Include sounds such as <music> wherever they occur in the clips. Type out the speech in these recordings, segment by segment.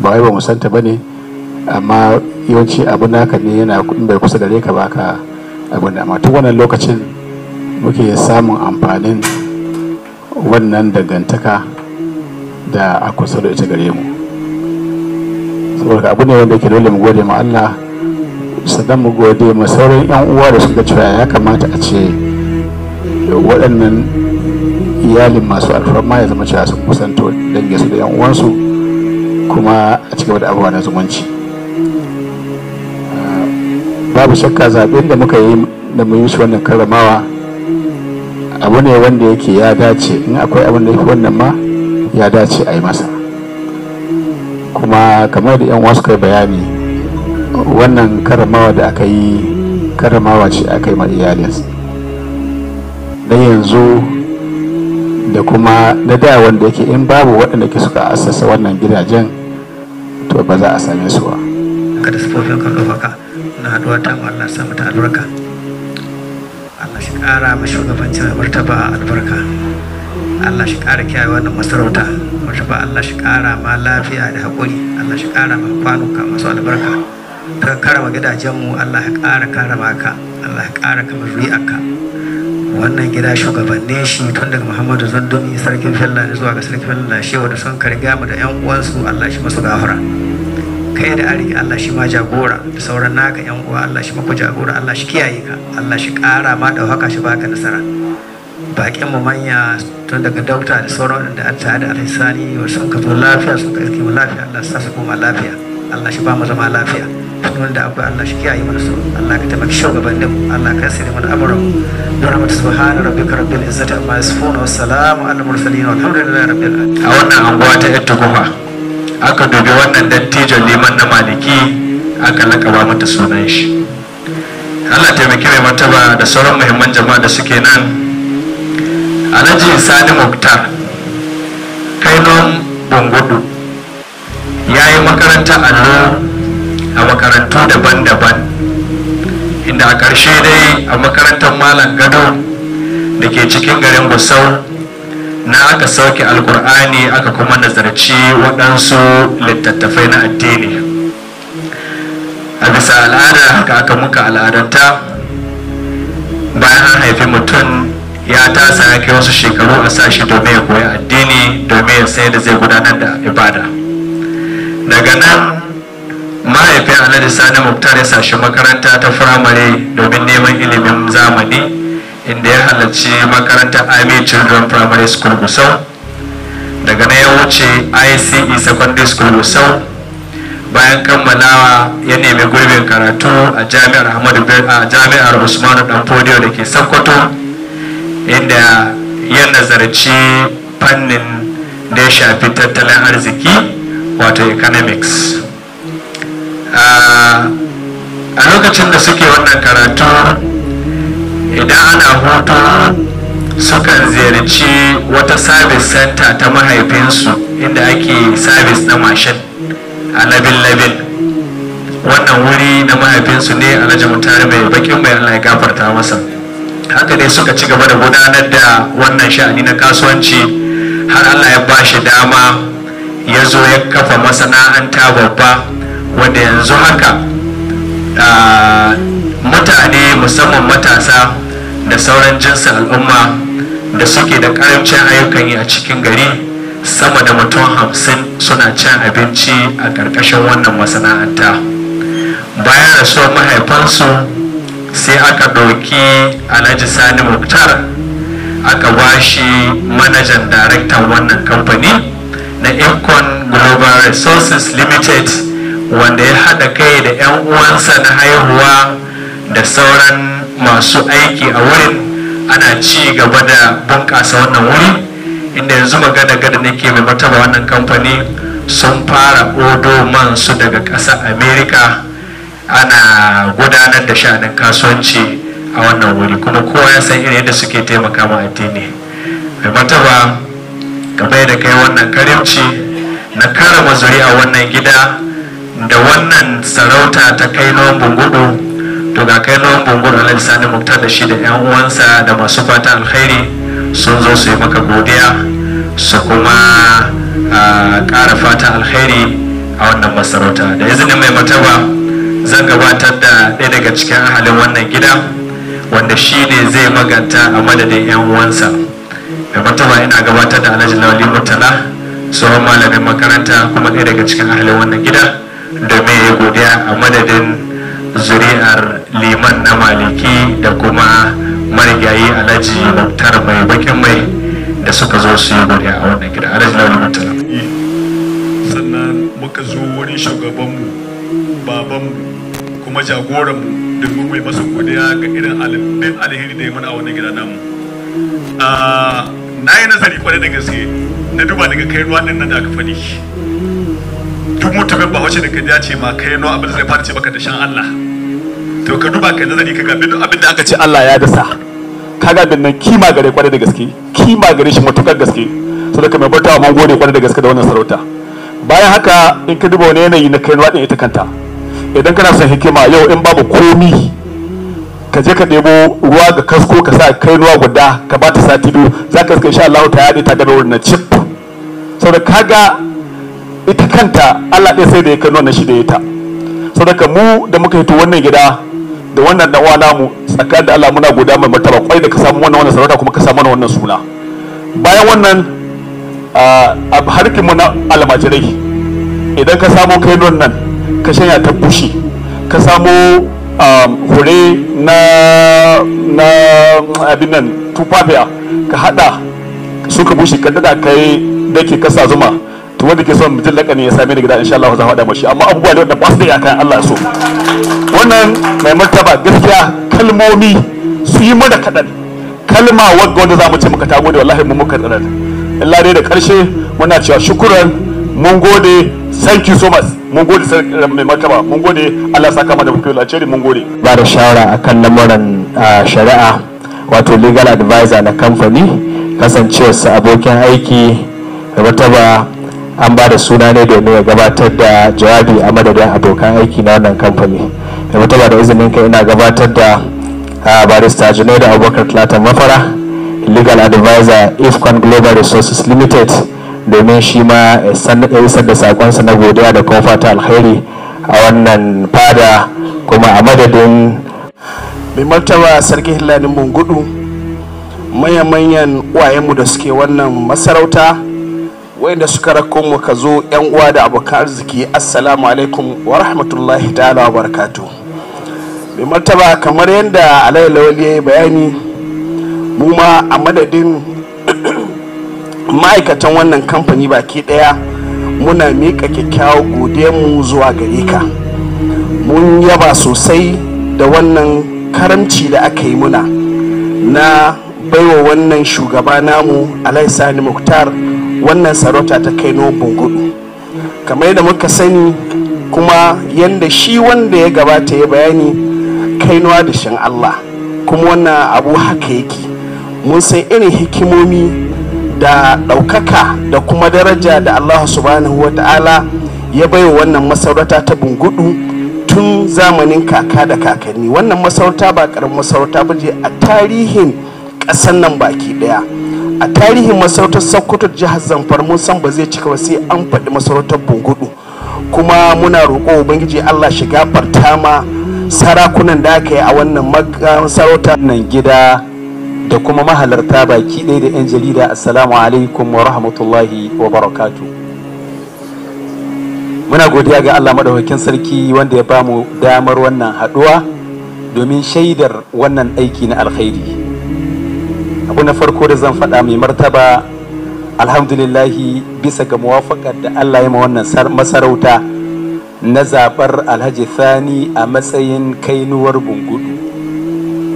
ba wai ba mu santa bane amma yawanci abu naka ne yana in bai kusa gare ka baka abu da amma tun wannan lokacin muke samun amfanin wannan dangantaka da a kusa da ita gare mu saboda abu ne wanda ke dole mu gode ma Allah sannan mu gode ma sauran yan uwa da suka cewa ya kamata a ce waɗannan iyalin masu alfarma ya zama cewa sun kusanto su da yan uwansu kuma a cigaba da abubuwa na zumunci ah, babu shakka zaɓen da muka yi da mu yi shi wannan karramawa abu ne wanda yake ya dace in akwai abin da wannan ma ya dace a yi masa kuma kamar da yan wasu kai bayani wannan karramawa da aka yi karramawa ce aka yi ma iyalinsa na yanzu da kuma na da wanda yake in babu waɗanda ke suka assasa wannan gidajen to ba za a same su ba kada sufofin kan ɗaukaka na haduwa ta mu Allah samu ta albarka Allah shi kara ma shugabancin martaba albarka Allah shi kara kiyaye wannan masarauta martaba Allah shi kara ma lafiya da haƙuri Allah shi kara ma kwanuka masu albarka ta karama gidajenmu Allah ya kara karama ka Allah ya ƙara kama zuri'arka wannan gida shugabanni shi tun daga muhammadu zandoni sarkin da zuwa ga sarkin finland shewa da son karga mu da yan uwansu allah shi masu gafara kai da arki allah shi ma jagora da sauran naka yan uwa allah shi ku jagora allah shi kiyaye ka allah shi kara ma haka shi baka nasara bakin mu manya tun daga dauta da sauran waɗanda an tare da alhisani wa sun ka zo lafiya sun ka lafiya allah sa su koma lafiya allah shi ba mu zama lafiya abin da Allah shi kiyaye Allah ka taimaki Allah ka sani subhana amma mursalin a wannan anguwa ta yatta kuma aka dubi wannan dattijon liman na maliki aka lakaba mata sunan shi Allah taimaki mai martaba da sauran muhimman jama'a da suke nan Alhaji Sani Muktar Kainon bangudu. ya yi makaranta allo a makarantu daban-daban inda a ƙarshe dai a makarantar malam gado da ke cikin garin gusau na aka sauke alkur'ani aka kuma nazarci waɗansu littattafai na addini a bisa al'ada haka aka muka al'adanta bayan an haifi mutum ya tasa ya kai wasu shekaru a sashi domin ya koya addini domin ya sai da zai gudanar da ibada daga nan mahaifin alhaji sani muktar ya sashi makaranta ta firamare domin neman ilimin zamani inda ya halarci makarantar ami children primary school gusau daga na ya wuce ice secondary school gusau bayan kammalawa ya nemi gurbin karatu a jami'ar ahmadu a jami'ar usmanu dan da ke sokoto inda ya nazarci fannin da ya shafi tattalin arziki wato economics a lokacin da suke wannan karatu idan ana hutu sukan ziyarci wata service center ta mahaifinsu inda ake service na mashin a labin-labin wannan wuri na mahaifinsu ne a rajin mutane mai bakin mai Allah ya gafarta masa haka ne suka ci gaba da gudanar da wannan sha'ani na kasuwanci har Allah ya ba shi dama ya zo ya kafa masana'anta babba wanda yanzu haka mutane musamman matasa da sauran jinsin al'umma da suke da karancin ayyukan yi a cikin gari sama da mutum hamsin suna cin abinci a ƙarƙashin wannan masana'anta bayan rasuwar mahaifansu sai aka ɗauki alhaji sani muktar aka ba shi manajan daraktan wannan kamfani na econ global resources limited wanda ya haɗa kai da 'yan uwansa na haihuwa da sauran masu aiki a wurin ana ci gaba da bunƙasa wannan wuri inda yanzu magana gada nake mai martaba wannan kamfani sun fara odo man su daga ƙasar america ana gudanar da sha'anin kasuwanci a wannan wuri kuma kowa ya san irin yadda suke taimaka ma addini mai martaba bai da kai wannan karimci na karama zuri a wannan gida da wannan sarauta ta kai kainon bungudu to ga kai kainon bungudu alhaji sani muktar da shi da yan uwansa da masu fata alkhairi sun zo su yi maka godiya su kuma ƙara fata alkhairi a wannan masarauta da izinin mai mataba zan gabatar da ɗaya daga cikin ahalin wannan gida wanda shi ne zai maganta a madadin yan uwansa mai mataba ina gabatar da alhaji lawali murtala tsohon malamin makaranta kuma ɗaya daga cikin ahalin wannan gida da mai godiya a madadin zuri'ar liman na maliki da kuma marigayi alhaji muktar mai bakin mai da suka zo su yi godiya a wannan gida alhaji na rubuta sannan muka zo wurin shugabanmu babanmu kuma jagoranmu domin mai masa godiya ga irin alifin alheri da ya mana a wannan gida namu ah, na yi nazari kwarai da gaske na duba daga kai ruwa ɗin nan da aka faɗi duk mutumin ba wace da ka ce ma kai no abin da zai fara ce maka da shan Allah to ka duba ka nazari ka gabi duk abin da aka ce Allah ya dasa Ka ga dinnan kima gare kwarai da gaske kima gare shi matukar gaske saboda mai bautawa mun gode kwarai da gaske da wannan sarauta bayan haka in ka duba wani yanayi na kai ɗin ita kanta idan kana son hikima yau in babu komi ka je ka ɗebo ruwa ga kasko ka sa kai ruwa guda ka ba ta sati biyu za ka iska insha Allah ta yaɗe ta gaba wurin na cip saboda kaga ita kanta Allah ɗaya sai da ya kai wannan shi da ita sadaka mu da muka hito wannan gida da wannan dan namu tsakar da Allah muna goda mai martaba kwai da ka samu wannan wannan sarauta kuma ka samu wannan suna bayan wannan a harkin mu na almajirai idan ka samu kai nan ka shanya ta bushi ka samu hure na na abin nan tufafiya ka hada suka bushe ka dada kai dake kasa zuma to wanda ke son mutum lakani ya same ni gida insha Allah zan faɗa mashi amma abubuwa da wanda ba su da yakan Allah so wannan mai martaba gaskiya kalmomi su yi mana kaɗan kalma wadda wanda za mu ce muka ta gode wallahi mu muka tsanar illa dai da karshe muna cewa shukuran mun gode thank you so much mun gode mai martaba mun gode Allah saka mana da alheri mun gode ba da shawara akan lamuran shari'a wato legal advisor na kamfani kasancewarsa abokin aiki da martaba an ba da suna ne domin ya gabatar da jawabi a madadin abokan aiki na wannan kamfani da mutaba da izinin ka ina gabatar da barista da abokan tlatan mafara legal advisor ifcon global resources limited domin shi ma ya isar da sakonsa na godiya da kuma fata alkhairi a wannan fada kuma a madadin mai martaba sarki hillanin mungudu manya-manyan uwayenmu da suke wannan masarauta wanda suka rako mu ka zo yan uwa da abokan arziki assalamu alaikum wa rahmatullahi ta'ala wa barakatu mai martaba kamar yadda alayi yayi ya yi bayani mu ma a madadin <clears throat> ma'aikatan wannan kamfani baki daya muna miƙa kyakkyawar mu zuwa gare ka mun yaba sosai da wannan karamci da aka yi muna na baiwa wannan shugaba namu alaisani muktar wannan sarauta ta kai nobin gudu kamar yadda muka sani kuma yadda shi wanda ya gabata ya bayani kainuwa da shan Allah kuma wannan abu haka yake mun san irin hikimomi da ɗaukaka da kuma daraja da Allah subhanahu wa ta'ala ya baiwa wannan masaurata ta bungudu tun zamanin kaka da kakanni wannan masaurata ba karamin masaurata ba je a tarihin ƙasan nan baki ɗaya a tarihin masarautar sokoto jihar zamfara mun san ba zai cika ba sai an faɗi masarautar bungudu kuma muna roƙo ubangiji allah shiga fartama sarakunan da aka yi a wannan masarautar nan gida da kuma mahalarta baki ɗaya da 'yan jarida assalamu alaikum wa rahmatullahi wa barakatu muna godiya ga allah madaukakin sarki wanda ya bamu damar wannan haɗuwa domin shaidar wannan aiki na alkhairi abu na farko da zan faɗa mai martaba alhamdulillahi bisa ga muwafakar da allah ya ma wannan masarauta na zaɓar alhaji thani a matsayin kainuwar bungudu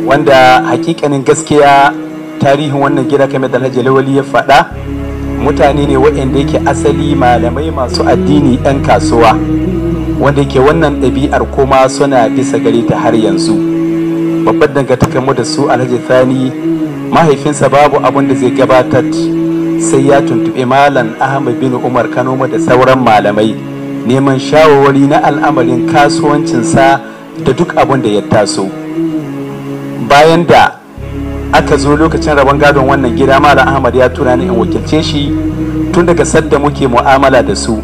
wanda hakikanin gaskiya tarihin wannan gida kamar da alhaji lawali ya faɗa mutane ne waɗanda yake asali malamai masu addini 'yan kasuwa wanda yake wannan ɗabi'ar kuma suna bisa gare ta har yanzu babbar dangantakarmu da su alhaji thani mahaifinsa babu abun da zai gabatar sai ya tuntuɓi malam ahmad bin umar kanoma da sauran malamai neman shawarwari na al'amarin kasuwancinsa da duk abin da ya taso bayan da aka zo lokacin rabon gadon wannan gida malam ahmad ya tura ni in wakilce shi tun daga sadda muke mu'amala da su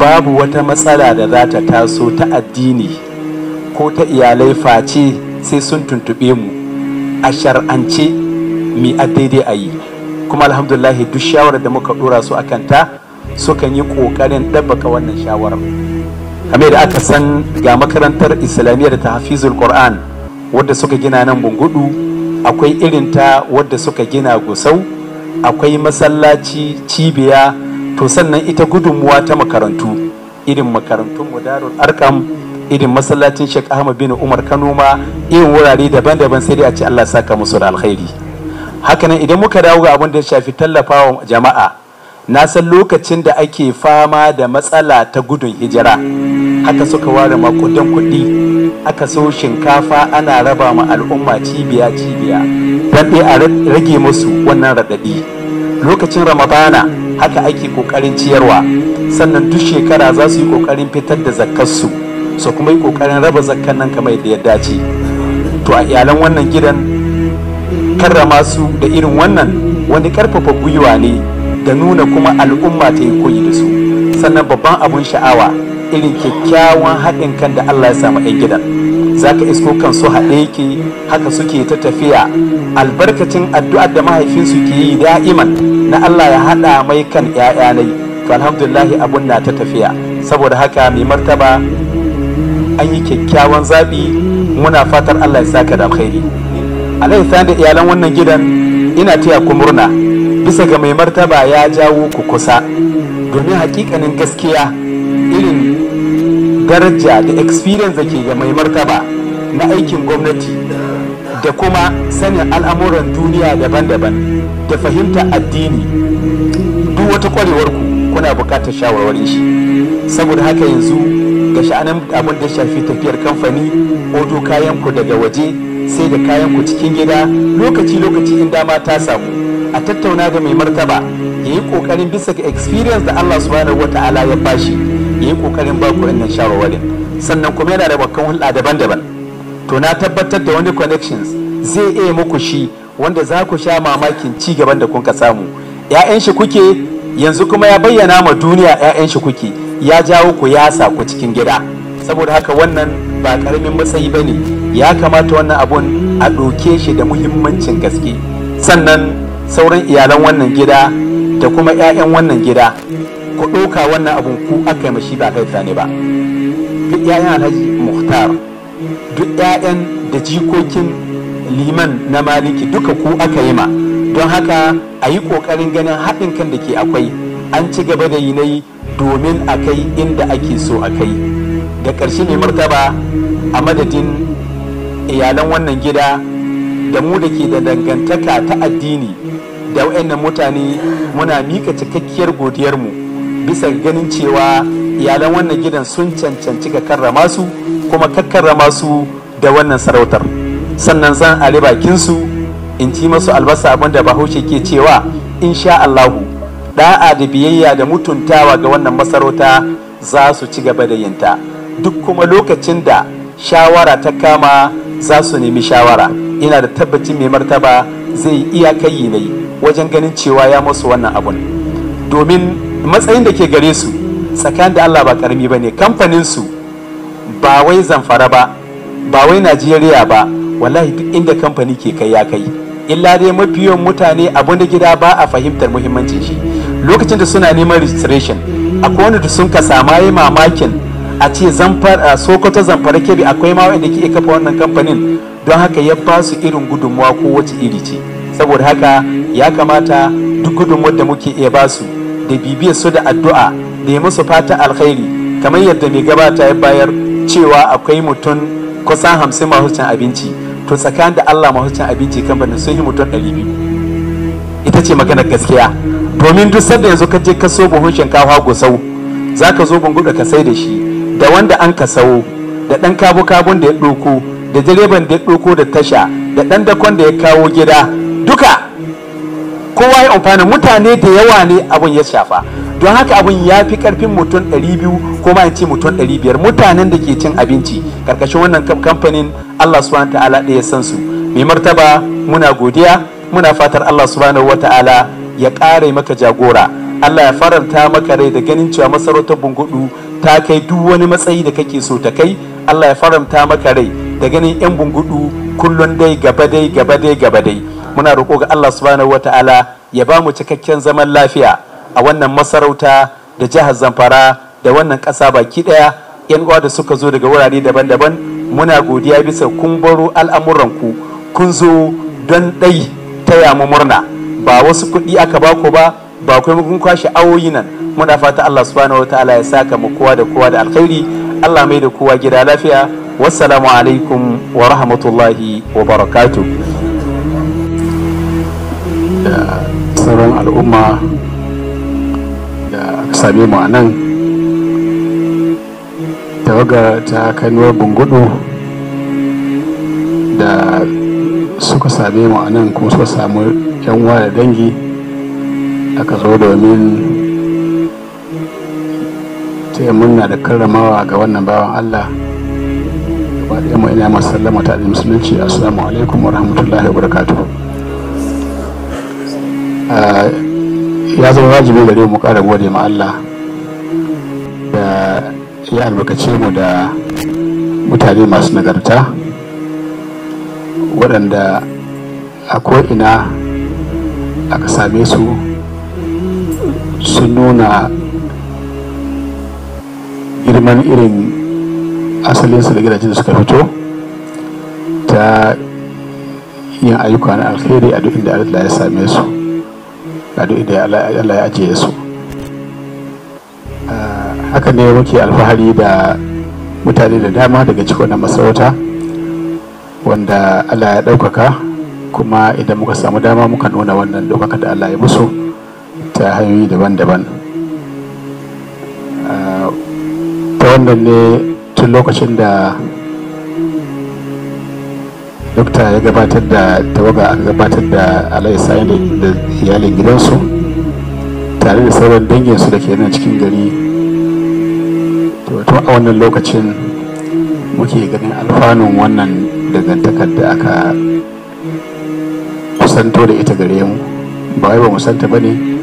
babu wata matsala da za ta taso ta addini ko ta iyalai face sai sun tuntuɓe mu a shar'ance mi a daidai a yi kuma alhamdulahi duk shawarar da muka dora su akan ta sukan yi kokarin dabbaka wannan shawarar kamar da aka san ga makarantar islamiyya da ta hafizul qur'an wadda suka gina nan bungudu akwai irin wadda suka gina gusau akwai masallaci cibiya to sannan ita gudunmuwa ta makarantu irin makarantun mudarul arkam irin masallacin Sheikh Ahmad bin Umar Kano ma irin wurare daban-daban sai dai a ce Allah saka musu da alkhairi hakanan idan muka dawo ga abin da ya shafi tallafawa jama'a na san lokacin da ake fama da matsala ta gudun hijira haka suka ware makudan kuɗi aka so shinkafa ana raba ma al'umma cibiya cibiya don a rage musu wannan raɗaɗi lokacin ramadana haka ake kokarin ciyarwa sannan duk shekara za su yi kokarin fitar da zakkarsu su kuma yi ƙoƙarin raba zakkan nan kamar yadda ya dace to a iyalan wannan gidan karrama su da irin wannan wani karfafa gwiwa ne da nuna kuma al'umma ta yi koyi da su sannan babban abun sha'awa irin kyakkyawan haɗin kan da Allah ya samu 'yan gidan za ka isko kan su haɗe yake haka suke ta tafiya albarkacin addu'ar da mahaifinsu ke yi da'iman na Allah ya haɗa mai kan 'ya'ya to alhamdulillahi abun na ta tafiya saboda haka mai martaba an yi kyakkyawan zaɓi muna fatar Allah ya saka da alkhairi alai da iyalan wannan gidan ina taya ku murna bisa ga mai martaba ya jawo ku kusa domin hakikanin gaskiya irin daraja da experience ke ga mai martaba na aikin gwamnati da kuma sanin al'amuran duniya daban-daban da fahimta addini duk wata kwarewar ku kuna bukatar shawarwari shi saboda haka yanzu ga sha'anin abin da shafi tafiyar kamfani to kayan ku daga waje sai da kayan ku cikin gida lokaci lokaci in dama ta samu a tattauna da mai martaba ya yi kokarin bisa ga experience da Allah subhanahu ta'ala ya bashi ya yi kokarin ba ku wannan shawarwarin sannan kuma yana da bakan hulɗa daban-daban to na tabbatar da wani connections zai iya muku shi wanda za ku sha mamakin ci gaban da kun ka samu 'ya'yan shi kuke yanzu kuma ya bayyana ma duniya 'ya'yan shi kuke ya jawo ku ya sa ku cikin gida saboda haka wannan ba karamin matsayi ba ya kamata wannan abun a ɗauke shi da muhimmancin gaske sannan sauran iyalan wannan gida da kuma 'ya'yan wannan gida ku ɗauka wannan abun ku aka mashi ba kai ne ba duk 'ya'yan alhaji muhtar duk 'ya'yan da jikokin liman na maliki duka ku aka yi ma don haka a yi ƙoƙarin ganin haɗin kan da ke akwai an ci gaba da yi nayi domin a kai inda ake so a kai da ƙarshe ne martaba a madadin iyalan wannan gida da mu da ke da dangantaka ta addini da wayannan mutane muna mika cikakkiyar godiyarmu bisa ganin cewa iyalan wannan gidan sun cancanci ka karrama su kuma ka karrama su da wannan sarautar sannan zan ali bakin su in ci masu albasa abinda bahaushe ke cewa insha Allahu da'a da biyayya da mutuntawa ga wannan masarauta za su ci gaba da yinta. duk kuma lokacin da shawara ta kama za su nemi shawara ina da tabbacin mai martaba zai iya kai na yi wajen ganin cewa ya masu wannan abun domin matsayin da ke gare su tsakanin da Allah ba karami ba ne kamfanin su ba wai zamfara ba ba wai Najeriya ba wallahi duk inda kamfani ke kai ya kai illa dai yawan mutane abun da gida ba a fahimtar muhimmancin shi lokacin da suna neman registration akwai wanda sun ka samaye mamakin a ce a sokoto zamfara kebe akwai ma wanda ke kafa wannan kamfanin don haka ya ba su irin gudunmuwa ko wace iri ce saboda haka ya kamata duk gudunmuwar da muke iya ba su da bibiyar su da addu'a da ya musu fata alkhairi kamar yadda mai gabata ya bayar cewa akwai mutum kusan hamsin masu cin abinci to tsakanin da allah masu cin abinci kamfanin sun yi mutum ɗari biyu ita ce maganar gaskiya domin duk sanda yanzu ka je ka so buhun shinkafa gusau za ka zo bunguda ka sai da shi da wanda an kasawo da ɗan kabu-kabun da ya ɗoko da direban da ya ɗoko da tasha da ɗan dakon da ya kawo gida duka kowa ya amfana mutane da yawa ne abin ya shafa don haka abin ya fi karfin mutum 200 ko ma ce mutum 500 mutanen da ke cin abinci karkashin wannan kamfanin Allah subhanahu ta'ala ɗaya san su mai martaba muna godiya muna fatar Allah subhanahu wata'ala ya kare maka jagora Allah ya faranta maka rai da ganin cewa masarautar bungudu ta kai duk wani matsayi da kake so ta kai Allah ya faramta maka rai da ganin yan bungudu kullun dai gaba dai gaba dai gaba dai muna roƙo ga Allah subhanahu wataala ya ba mu cikakken zaman lafiya a wannan masarauta da jihar Zamfara da wannan ƙasa baki ɗaya yan uwa da suka zo daga wurare daban-daban muna godiya bisa kun baro ku kun zo don ɗai taya mu murna ba wasu kuɗi aka ba ba ba kai mun kwashi awoyi nan muna fata Allah subhanahu wataala ya saka mu kowa da kowa da alkhairi Allah mai da kowa gida lafiya wassalamu alaikum wa rahmatullahi wa barakatu. da sauran al'umma da aka same mu a nan tawaga ta kanuwar bungudu da suka same mu a nan kuma suka samu yan da dangi aka zo domin taya murna da karramawa ga wannan bawan Allah ba da mu ina masu sallama ta da musulunci assalamu alaikum wa rahmatullahi wa barakatuh ya zama wajibi gare mu kara gode ma Allah da ya albarkace mu da mutane masu nagarta waɗanda a ko'ina aka same su sun nuna girman irin asalinsu da gidajen da suka fito ta yin ayyuka na alheri a duk inda Allah ya same su a duk inda Allah ya ajiye su ah, haka ne muke alfahari da mutane da dama daga cikin na masarauta wanda Allah ya ɗaukaka kuma idan muka samu dama muka nuna wannan ɗaukaka da Allah ya musu ta hanyoyi daban-daban ah, ta wannan ne tun lokacin da dokta ya gabatar da tawaga a gabatar da alai da iyalin gidansu tare da sauran danginsu da ke nan cikin gari tun a wannan lokacin muke ganin alfanun wannan dangantakar da aka kusanto da ita gare mu ba wai ba musanta ba ne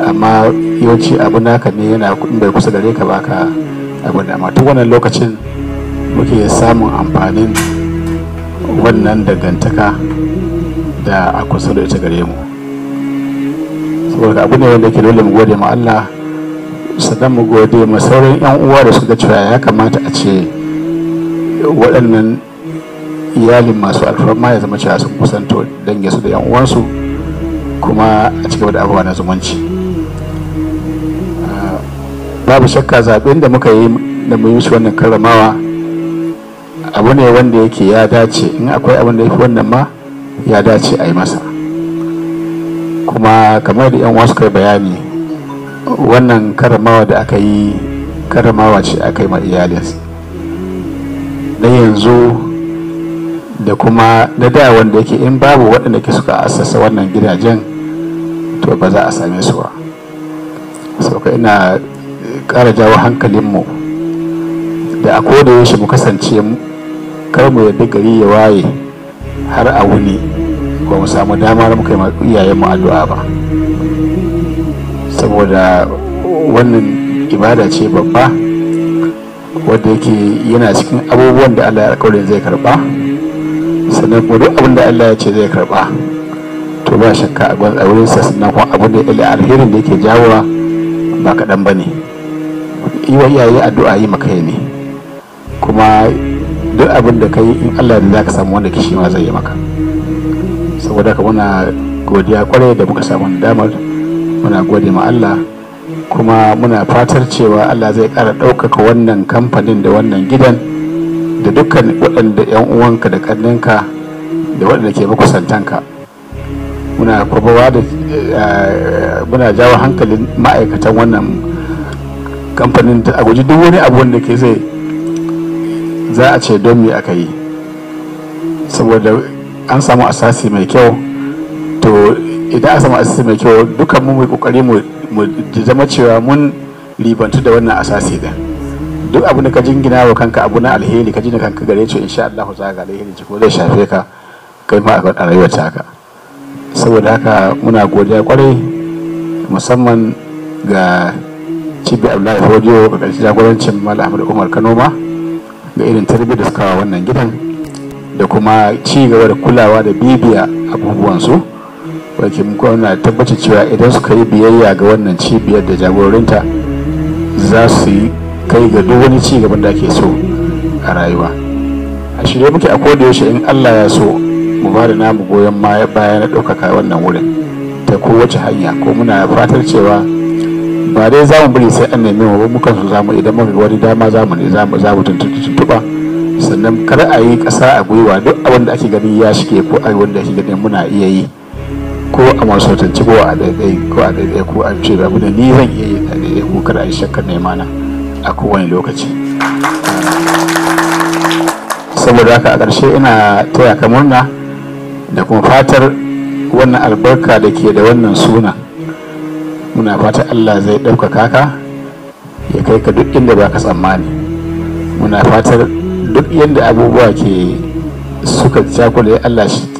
amma yawanci abu naka ne yana kudin da kusa gare ka baka abu da tun wannan lokacin muke samun amfanin wannan dangantaka da a kusa da ita gare mu saboda abu ne wanda ke dole mu gode ma Allah sannan mu gode ma sauran yan uwa da suka cewa ya kamata a ce waɗannan iyalin masu alfarma ya zama cewa sun kusanto dangin su da yan uwansu kuma a cikin da abubuwa na zumunci babu shakka zaɓen da muka yi da mu yi wannan karramawa abu ne wanda yake ya dace in akwai abin da yake wannan ma ya dace a yi masa kuma kamar da yan wasu kai bayani wannan karramawa da aka yi karramawa ce aka yi ma iyalinsa na yanzu da kuma na da wanda yake in babu waɗanda ke suka asasa wannan gidajen to ba za a same su ba sauka ina ƙara jawo hankalinmu da a koda yaushe mu kasance kar mu yadda gari ya waye har a wuni ba mu samu dama da muka yi mu addu'a ba saboda wannan ibada ce babba wadda yake yana cikin abubuwan da allah ya alkawarin zai karba sannan kuma duk abin da allah ya ce zai karba to ba shakka a wurinsa sannan kuma abin da ya alherin da yake jawowa ba kaɗan ba ne yi wa iyaye addu'a yi maka ne kuma duk abin da kai in Allah da za ka samu wanda kishi ma zai yi maka saboda ka muna godiya kwarai da muka samu damar muna gode ma Allah kuma muna fatar cewa Allah zai ƙara ɗaukaka wannan kamfanin da wannan gidan da dukkan waɗanda 'yan uwanka da ƙanninka da waɗanda ke makusantanka muna kwabawa da eh, muna jawo hankalin ma'aikatan wannan kamfanin ta a guji duk wani abu wanda ke zai za a ce don me aka yi saboda an samu asasi mai kyau to idan an samu asasi mai kyau dukkan mu mai kokari mu zama cewa mun ribantu da wannan asasi din duk abu da ka jingina wa kanka abu na alheri ka jina kanka gare shi insha Allah za ga alheri ko zai shafe ka kai ma a rayuwar taka saboda haka muna godiya kwarai musamman ga Cibi abdullahi hojo ga jagorancin malam umar umar kanoma ga irin tarbi da suka wannan gidan da kuma ci gaba da kulawa da bibiya abubuwansu wakil na tabbaci cewa idan suka yi biyayya ga wannan cibiyar da jagorinta za su yi kai ga duk wani ci gaban da ake so a rayuwa a shirye muke a yaushe in allah ya so mu ba da namu goyon baya na ɗaukaka wannan wurin ta kowace hanya ko muna fatar cewa ba dai za mu bari sai an neme wa mukan su zamu idan muka wani dama za mu ne za mu za mu tuntuɓa sannan kar a yi ƙasa a gwiwa duk abin da ake gani ya shige ko a wanda ake gani muna iya yi ko a masu masautanci ko a daidai ko a daidai ko a ce rabu da ni zan iya yi a daidai ko kar a yi shakkar nema na a kowane lokaci saboda haka a ƙarshe ina taya ka murna da kuma fatar wannan albarka da ke da wannan suna muna fata Allah zai ɗaukaka ka ya kai ka duk inda baka tsammani muna fatar duk yadda abubuwa ke suka cakula Allah shi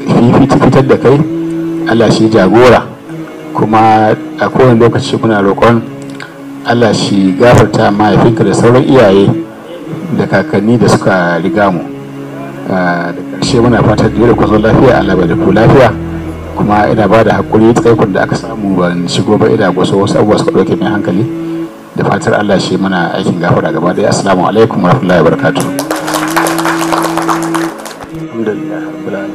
fitar da kai Allah shi jagora kuma a kowane lokaci muna roƙon Allah shi gafarta mahaifinka da sauran iyaye da kakanni da suka riga mu ah, da ƙarshe muna fatar da ku zo lafiya Allah bai da ku lafiya kuma ina ba da haƙuri tsaikon da aka samu ban shigo ba ina goso wasu abubuwa suka ɗauke mai hankali da fatar Allah shi mana aikin gafara gaba ɗaya assalamu alaikum warahmatullahi wa alhamdulillah